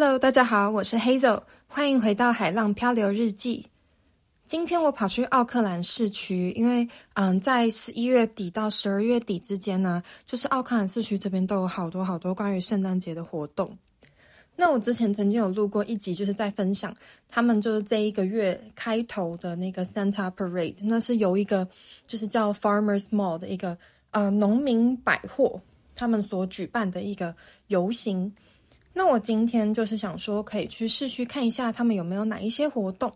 Hello，大家好，我是 Hazel，歡迎回到《海浪漂流日記》。今天我跑去奧克蘭市區，因為嗯，在十一月底到十二月底之間呢，就是奧克蘭市區這邊都有好多好多關於聖誕節的活動。那我之前曾經有錄過一集，就是在分享他們就是這一個月開頭的那個 Santa Parade，那是由一個就是叫 Farmers Mall 的一個呃農民百貨，他們所舉辦的一個遊行。那我今天就是想說，可以去市區看一下他們有沒有哪一些活動。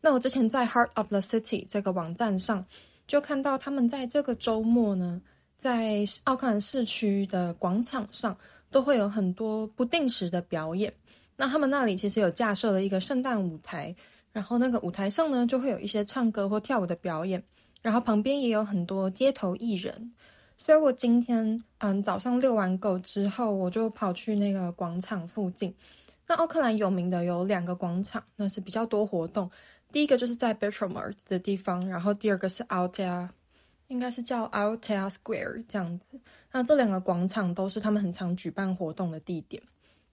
那我之前在 Heart of the City 這個網站上，就看到他們在這個週末呢，在奧克蘭市區的廣場上，都會有很多不定時的表演。那他們那裡其實有架設了一個聖誕舞台，然後那個舞台上呢，就會有一些唱歌或跳舞的表演，然後旁邊也有很多街頭藝人。所以我今天，嗯，早上遛完狗之後，我就跑去那個廣場附近。那奧克蘭有名的有兩個廣場，那是比較多活動。第一個就是在 Britomart 的地方，然後第二個是 Aotea，應該是叫 Aotea Square 這樣子。那這兩個廣場都是他們很常舉辦活動的地點。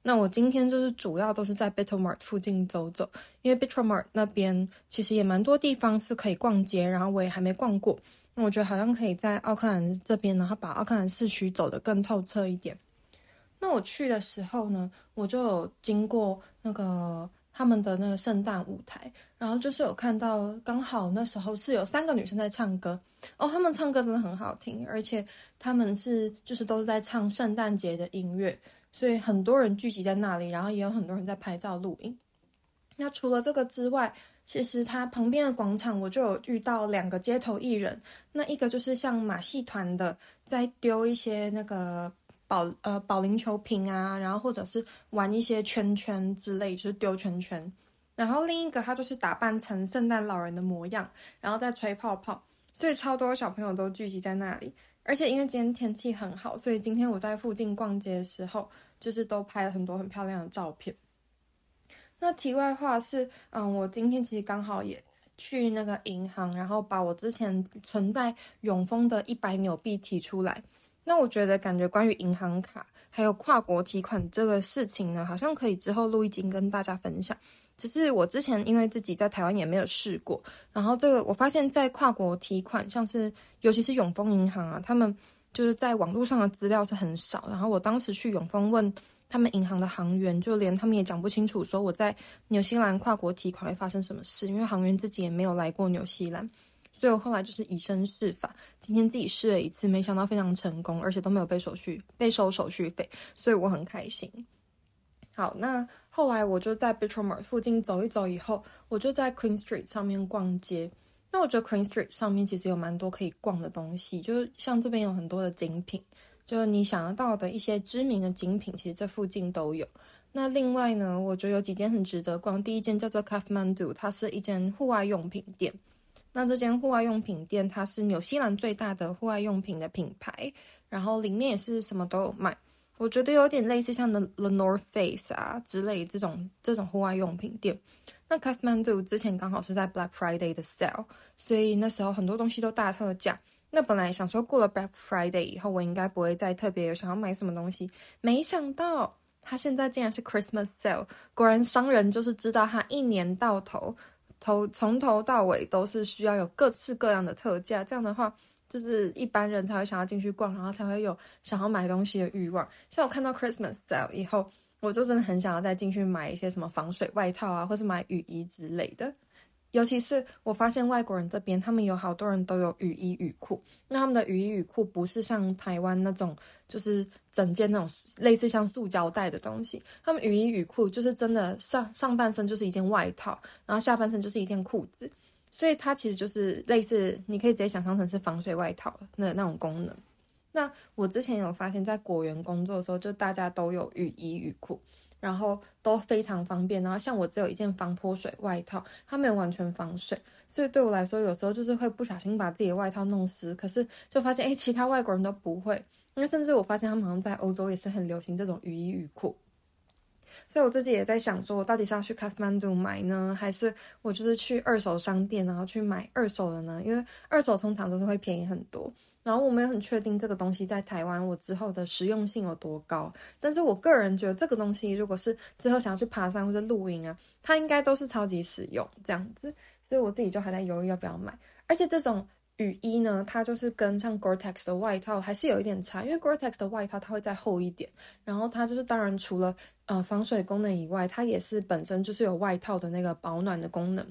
那我今天就是主要都是在 Britomart 附近走走，因為 Britomart 那邊其實也蠻多地方是可以逛街，然後我也還沒逛過。我覺得好像可以在奧克蘭這邊，然後把奧克蘭市區走得更透徹一點。那我去的時候呢，我就有經過那個他們的那個聖誕舞台，然後就是有看到剛好那時候是有三個女生在唱歌。哦，他們唱歌真的很好聽，而且他們是就是都是在唱聖誕節的音樂，所以很多人聚集在那裡，然後也有很多人在拍照錄音。那除了這個之外，其實它旁邊的廣場，我就有遇到兩個街頭藝人。那一個就是像馬戲團的，在丟一些那個保，呃，保齡球瓶啊，然後或者是玩一些圈圈之類，就是丟圈圈。然後另一個他就是打扮成聖誕老人的模樣，然後在吹泡泡。所以超多小朋友都聚集在那裡。而且因為今天天氣很好，所以今天我在附近逛街的時候，就是都拍了很多很漂亮的照片。那題外話是，嗯，我今天其實剛好也去那個銀行，然後把我之前存在永豐的一百紐幣提出來。那我覺得感覺關於銀行卡還有跨國提款這個事情呢，好像可以之後錄一集跟大家分享。只是我之前因為自己在台灣也沒有試過，然後這個我發現在跨國提款，像是尤其是永豐銀行啊，他們就是在網絡上的資料是很少。然後我當時去永豐問。他們銀行的行員，就連他們也講不清楚，說我在紐西蘭跨國提款會發生什麼事，因為行員自己也沒有來過紐西蘭，所以我後來就是以身試法，今天自己試了一次，沒想到非常成功，而且都沒有被手續被收手續費，所以我很開心。好，那後來我就在 Britomart 附近走一走，以後我就在 Queen Street 上面逛街。那我覺得 Queen Street 上面其實有蠻多可以逛的東西，就是像這邊有很多的精品。就你想得到的一些知名的精品，其實這附近都有。那另外呢，我覺得有幾間很值得逛。第一間叫做 Kathmandu，它是一間戶外用品店。那這間戶外用品店，它是紐西蘭最大的戶外用品的品牌，然後裡面也是什麼都有賣。我覺得有點類似像 The The North Face 啊之類這種這種戶外用品店。那 Kathmandu 之前剛好是在 Black Friday 的 sale，所以那時候很多東西都大特價。那本來想說過了 Black Friday 以後，我應該不會再特別有想要買什麼東西，沒想到他現在竟然是 Christmas Sale，果然商人就是知道他一年到頭頭從頭到尾都是需要有各式各樣的特價，這樣的話就是一般人才會想要進去逛，然後才會有想要買東西的慾望。像我看到 Christmas Sale 以後，我就真的很想要再進去買一些什麼防水外套啊，或是買雨衣之類的。尤其是我發現外國人這邊，他們有好多人都有雨衣雨褲。那他們的雨衣雨褲不是像台灣那種，就是整件那種類似像塑膠袋的東西。他們雨衣雨褲就是真的上上半身就是一件外套，然後下半身就是一件褲子，所以它其實就是類似，你可以直接想象成是防水外套的那種功能。那我之前有發現，在果園工作的時候，就大家都有雨衣雨褲。然後都非常方便。然後像我只有一件防潑水外套，它沒有完全防水，所以對我來說，有時候就是會不小心把自己的外套弄濕。可是就發現，哎，其他外國人都不會。因為甚至我發現，他們好像在歐洲也是很流行這種雨衣、雨褲。所以我自己也在想說，說我到底是要去 Kathmandu 買呢，還是我就是去二手商店，然後去買二手的呢？因為二手通常都是會便宜很多。然後我沒有很確定這個東西在台灣我之後的實用性有多高，但是我個人覺得這個東西如果是之後想要去爬山或者露營啊，它應該都是超級實用這樣子，所以我自己就還在猶豫要不要買。而且這種雨衣呢，它就是跟像 Gore-Tex 的外套還是有一點差，因為 Gore-Tex 的外套它會再厚一點，然後它就是當然除了呃防水功能以外，它也是本身就是有外套的那個保暖的功能。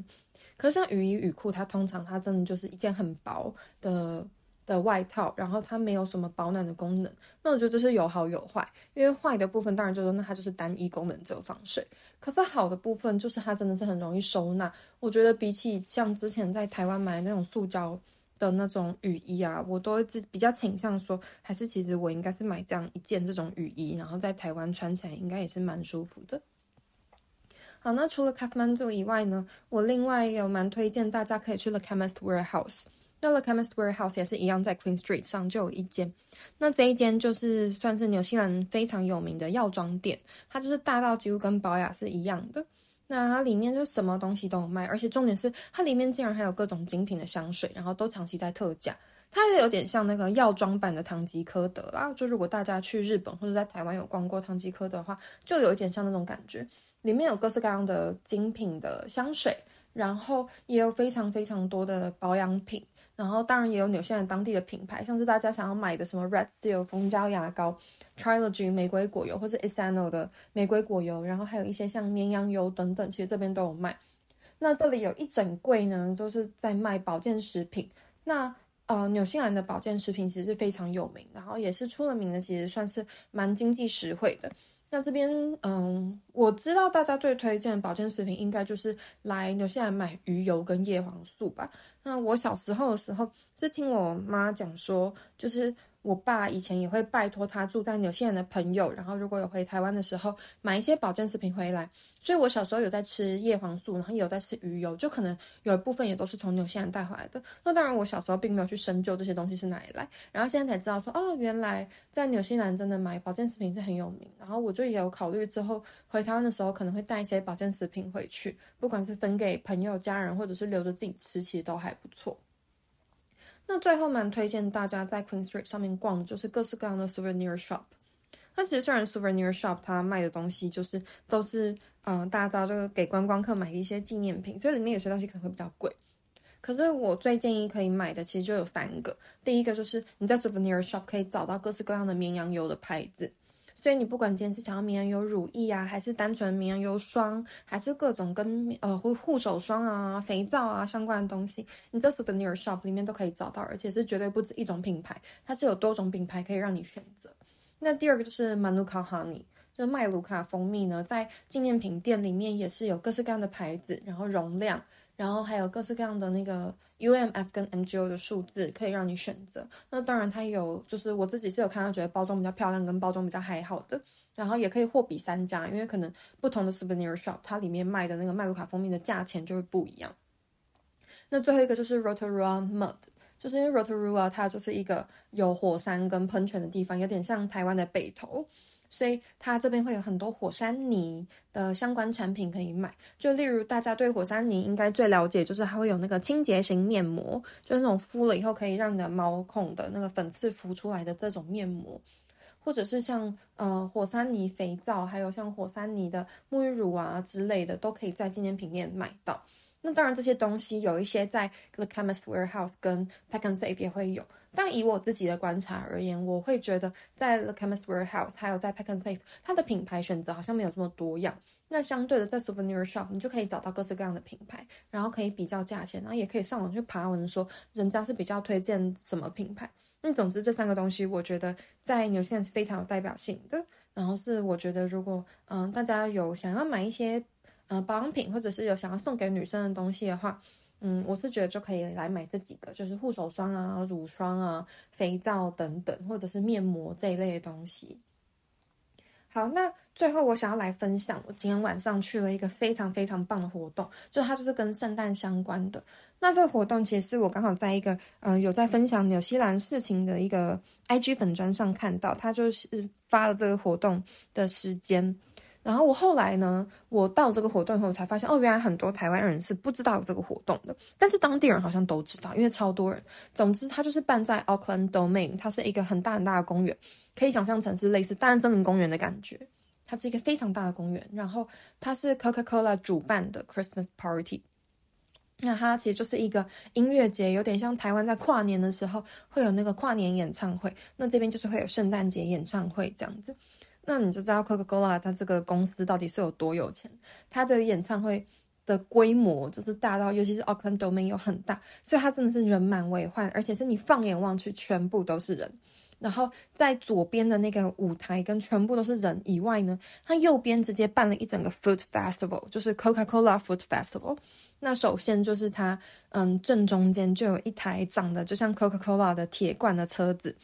可是像雨衣雨褲，它通常它真的就是一件很薄的的外套，然後它沒有什麼保暖的功能，那我覺得這是有好有壞。因為壞的部分當然就是說，那它就是單一功能只有防水。可是好的部分就是它真的是很容易收納。我覺得比起像之前在台灣買的那種塑膠的那種雨衣啊，我都會比較傾向說，還是其實我應該是買這樣一件這種雨衣，然後在台灣穿起來應該也是蠻舒服的。好，那除了 Kathmandu 以外呢，我另外有蠻推薦大家可以去 The Chemist Warehouse。那 The Chemist Warehouse 也是一樣，在 Queen Street 上就有一間。那這一間就是算是紐西蘭非常有名的藥妝店，它就是大到幾乎跟寶雅是一樣的。那它裡面就什麼東西都有賣，而且重點是它裡面竟然還有各種精品的香水，然後都長期在特價。它是有點像那個藥妝版的唐吉訶德啦，就如果大家去日本或者在台灣有逛過唐吉訶德的話，就有一點像那種感覺。裡面有各式各樣的精品的香水，然後也有非常非常多的保養品。然後當然也有紐西蘭當地的品牌，像是大家想要買的什麼 Red Seal 蜂膠牙膏、Trilogy 玫瑰果油，或是 Essano 的玫瑰果油，然後還有一些像綿羊油等等，其實這邊都有賣。那這裡有一整櫃呢，就是在賣保健食品。那呃紐西蘭的保健食品其實是非常有名，然後也是出了名的，其實算是蠻經濟實惠的。那這邊，嗯，我知道大家最推薦的保健食品應該就是來紐西蘭買魚油跟葉黃素吧。那我小時候的時候，是聽我媽講說，就是。我爸以前也會拜托他住在紐西蘭的朋友，然後如果有回台灣的時候，買一些保健食品回來。所以我小時候有在吃葉黃素，然後也有在吃魚油，就可能有一部分也都是從紐西蘭帶回來的。那當然，我小時候並沒有去深究這些東西是哪裡來，然後現在才知道說，哦，原來在紐西蘭真的買保健食品是很有名。然後我就也有考慮之後回台灣的時候可能會帶一些保健食品回去，不管是分給朋友、家人，或者是留着自己吃，其實都還不錯。那最後蠻推薦大家在 Queen Street 上面逛的就是各式各樣的 souvenir shop。那其實雖然 souvenir shop 它賣的東西就是都是，嗯、呃，大家知道就是給觀光客買的一些紀念品，所以裡面有些東西可能會比較貴。可是我最建議可以買的其實就有三個，第一個就是你在 souvenir shop 可以找到各式各樣的綿羊油的牌子。所以你不管今天是想要綿羊油乳液啊，還是單純綿羊油霜，還是各種跟呃護護手霜啊、肥皂啊相關的東西，你在 souvenir shop 裡面都可以找到，而且是絕對不止一種品牌，它是有多種品牌可以讓你選擇。那第二個就是 Manuka Honey，就是麥盧卡蜂蜜呢，在紀念品店裡面也是有各式各樣的牌子，然後容量。然後還有各式各樣的那個 UMF 跟 MGO 的數字可以讓你選擇。那當然，它有就是我自己是有看到覺得包裝比較漂亮跟包裝比較還好的。然後也可以貨比三家，因為可能不同的 souvenir shop 它裡面賣的那個麥盧卡蜂蜜的價錢就會不一樣。那最後一個就是 Rotorua Mud，就是因為 Rotorua 它就是一個有火山跟噴泉的地方，有點像台灣的北投。所以它這邊會有很多火山泥的相關產品可以買，就例如大家對火山泥應該最了解，就是它會有那個清潔型面膜，就是那種敷了以後可以讓你的毛孔的那個粉刺浮出來的這種面膜，或者是像呃火山泥肥皂，還有像火山泥的沐浴乳啊之類的，都可以在紀念品店買到。那當然，這些東西有一些在 The Chemist Warehouse 跟 Pack and Save 也會有，但以我自己的觀察而言，我會覺得在 The Chemist Warehouse 還有在 Pack and Save，它的品牌選擇好像沒有這麼多樣。那相對的，在 Souvenir Shop，你就可以找到各式各樣的品牌，然後可以比較價錢，然後也可以上網去爬文說人家是比較推薦什麼品牌。那總之，這三個東西我覺得在紐西蘭是非常有代表性的。然後是我覺得，如果嗯、呃、大家有想要買一些。呃，保養品或者是有想要送給女生的東西的話，嗯，我是覺得就可以來買這幾個，就是護手霜啊、乳霜啊、肥皂等等，或者是面膜這一類的東西。好，那最後我想要來分享，我今天晚上去了一個非常非常棒的活動，就它就是跟聖誕相關的。那這個活動其實我剛好在一個呃有在分享紐西蘭事情的一個 IG 粉專上看到，它就是發了這個活動的時間。然後我後來呢，我到這個活動後，我才發現哦，原來很多台灣人是不知道有這個活動的，但是當地人好像都知道，因為超多人。總之，它就是辦在 Auckland Domain，它是一個很大很大的公園，可以想象成是類似大安森林公園的感覺。它是一個非常大的公園，然後它是 Coca Cola 主辦的 Christmas Party，那它其實就是一個音樂節，有點像台灣在跨年的時候會有那個跨年演唱會，那這邊就是會有聖誕節演唱會這樣子。那你就知道 Coca Cola 它這個公司到底是有多有錢，它的演唱會的規模就是大到，尤其是 Auckland Domain 又很大，所以它真的是人滿為患，而且是你放眼望去全部都是人。然後在左邊的那個舞台跟全部都是人以外呢，它右邊直接辦了一整個 Food Festival，就是 Coca-Cola Food Festival。那首先就是它，嗯，正中間就有一台長得就像 Coca-Cola 的鐵罐的車子。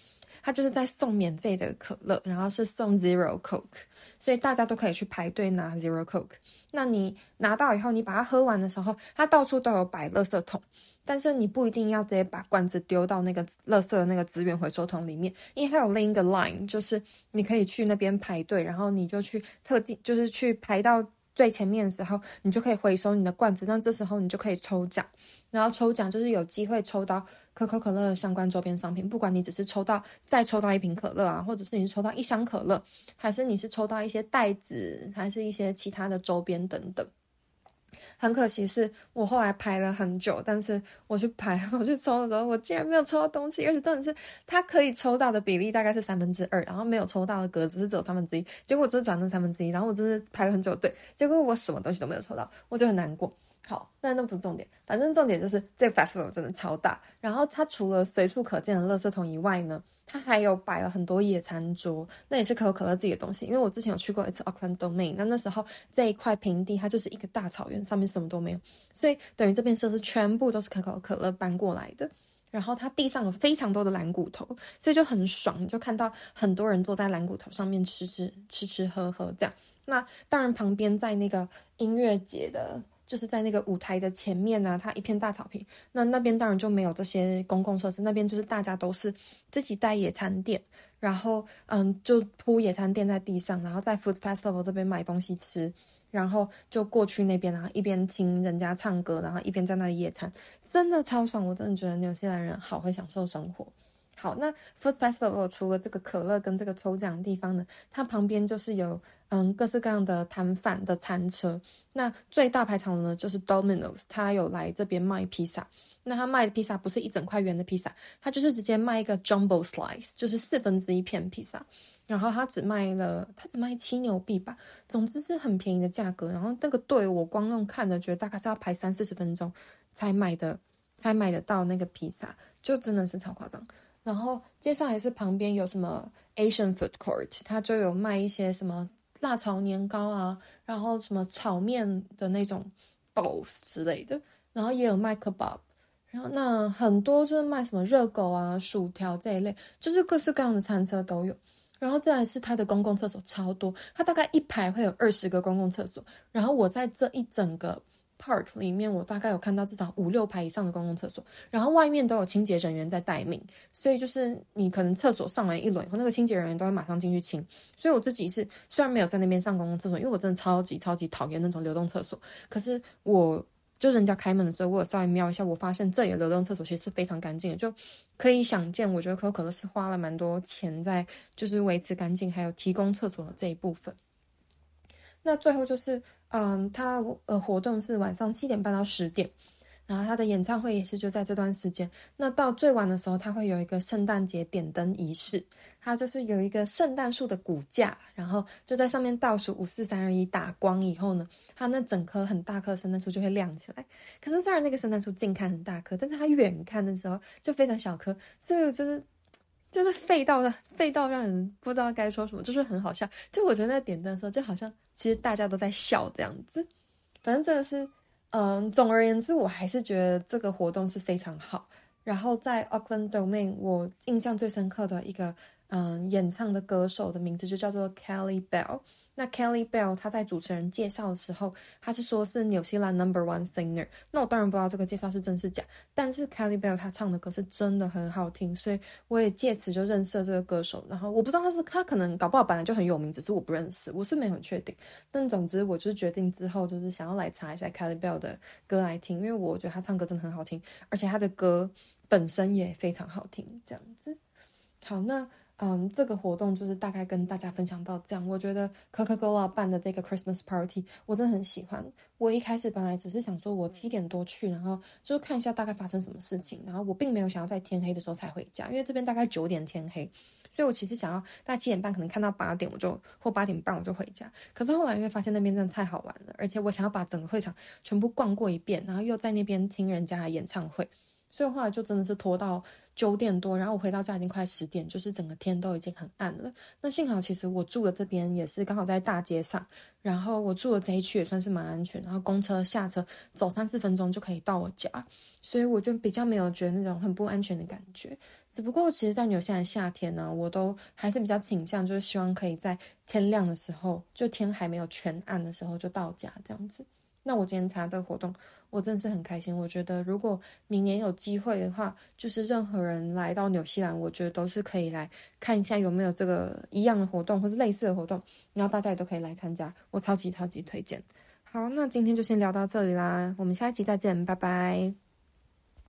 他就是在送免費的可樂，然後是送 Zero Coke，所以大家都可以去排隊拿 Zero Coke。那你拿到以後，你把它喝完的時候，它到處都有擺垃圾桶，但是你不一定要直接把罐子丟到那個垃圾的那個資源回收桶裡面，因為它有另一個 line，就是你可以去那邊排隊，然後你就去特地，就是去排到。最前面的時候，你就可以回收你的罐子。那這時候你就可以抽獎，然後抽獎就是有機會抽到可口可樂的相關周邊商品，不管你只是抽到再抽到一瓶可樂啊，或者是你抽到一箱可樂，還是你是抽到一些袋子，還是一些其他的周邊等等。很可惜，是我後來排了很久，但是我去排，我去抽的時候，我竟然沒有抽到東西，而且重點是，他可以抽到的比例大概是三分之二，然後沒有抽到的格子是只有三分之一，結果我就是轉了三分之一，然後我就是排了很久對，隊，結果我什麼東西都沒有抽到，我就很難過。好，那那不是重點，反正重點就是這個 festival 真的超大。然後它除了隨處可見的垃圾桶以外呢，它還有擺了很多野餐桌，那也是可口可樂自己的東西。因為我之前有去過一次 Auckland Domain，那那時候這一塊平地它就是一個大草原，上面什麼都沒有，所以等於這邊設施全部都是可口可，可樂搬過來的。然後它地上有非常多的懶骨頭，所以就很爽，你就看到很多人坐在懶骨頭上面吃吃吃吃喝喝這樣。那當然旁邊在那個音樂節的。就是在那個舞台的前面呢、啊，它一片大草坪，那那邊當然就沒有這些公共設施，那邊就是大家都是自己帶野餐墊，然後嗯，就鋪野餐墊在地上，然後在 food festival 這邊買東西吃，然後就過去那邊，然後一邊聽人家唱歌，然後一邊在那裡野餐，真的超爽，我真的覺得紐西蘭人好會享受生活。好，那 Food Festival 除了這個可樂跟這個抽獎的地方呢，它旁邊就是有嗯，各式各樣的攤販的餐車，那最大排場的呢，就是 Domino's 他，有來這邊賣披薩。那他賣的披薩不是一整塊圓的披薩，他就是直接賣一個 Jumbo Slice，就是四分之一片披薩。然後他只賣了，他只賣七紐幣吧，總之是很便宜的價格。然後那個隊我光用看的，覺得大概是要排三四十分鐘才買的，才買得到那個披薩，就真的是超誇張。然後接下來是旁邊有什麼 Asian food court，它就有賣一些什麼辣炒年糕啊，然後什麼炒麵的那種 bowls 之類的，然後也有賣 kebab，然後那很多就是賣什麼熱狗啊、薯條這一類，就是各式各樣的餐車都有。然後再來是它的公共廁所超多，它大概一排會有二十個公共廁所，然後我在這一整個 park 裡面，我大概有看到至少五六排以上的公共廁所，然後外面都有清潔人員在待命，所以就是你可能廁所上完一輪以後，那個清潔人員都會馬上進去清。所以我自己是雖然沒有在那邊上公共廁所，因為我真的超級超級討厭那種流動廁所，可是我就是人家開門的時候，我有稍微瞄一下，我發現這裡的流動廁所其實是非常乾淨的，就可以想見，我覺得可口可樂是花了蠻多錢在就是維持乾淨，還有提供廁所的這一部分。那最後就是。嗯，他呃活動是晚上七點半到十點，然後他的演唱會也是就在這段時間。那到最晚的時候，他會有一個聖誕節點燈儀式，他就是有一個聖誕樹的骨架，然後就在上面倒數五四三二一打光以後呢，他那整棵很大棵的聖誕樹就會亮起來。可是雖然那個聖誕樹近看很大棵，但是他遠看的時候就非常小棵。所以我就是。就是廢到的，廢到讓人不知道該說什麼，就是很好笑。就我覺得在點燈的時候，就好像其實大家都在笑這樣子。反正真的是，嗯，總而言之，我還是覺得這個活動是非常好。然後在 Auckland Domain，我印象最深刻的一個，嗯，演唱的歌手的名字就叫做 Kelly Bell。那 Kelly Bell，他在主持人介紹的時候，他是說是紐西蘭 Number One singer。那我當然不知道這個介紹是真是假，但是 Kelly Bell 他唱的歌是真的很好聽，所以我也借此就認識了這個歌手。然後我不知道他是他可能搞不好本來就很有名，只是我不認識，我是沒很確定。但總之，我就是決定之後就是想要來查一下 Kelly Bell 的歌來聽，因為我覺得他唱歌真的很好聽，而且他的歌本身也非常好聽。這樣子，好，那。嗯，這個活動就是大概跟大家分享到這樣。我覺得 Coca-Cola 辦的這個 Christmas Party，我真的很喜歡。我一開始本來只是想說，我七點多去，然後就看一下大概發生什麼事情，然後我並沒有想要在天黑的時候才回家，因為這邊大概九點天黑，所以我其實想要大概七點半可能看到八點，我就或八點半我就回家。可是後來因為發現那邊真的太好玩了，而且我想要把整個會場全部逛過一遍，然後又在那邊聽人家演唱會。所以後來就真的是拖到九點多，然後我回到家已經快十點，就是整個天都已經很暗了。那幸好其實我住的這邊也是剛好在大街上，然後我住的這一區也算是蠻安全，然後公車下車走三四分鐘就可以到我家，所以我就比較沒有覺得那種很不安全的感覺。只不過其實，在紐西蘭夏天呢，啊，我都還是比較傾向就是希望可以在天亮的時候，就天還沒有全暗的時候就到家這樣子。那我今天參加這個活動，我真的是很開心。我覺得如果明年有機會的話，就是任何人來到紐西蘭，我覺得都是可以來看一下有沒有這個一樣的活動或者類似的活動，然後大家也都可以來參加。我超級超級推薦。好，那今天就先聊到這裡啦，我們下一集再見，拜拜。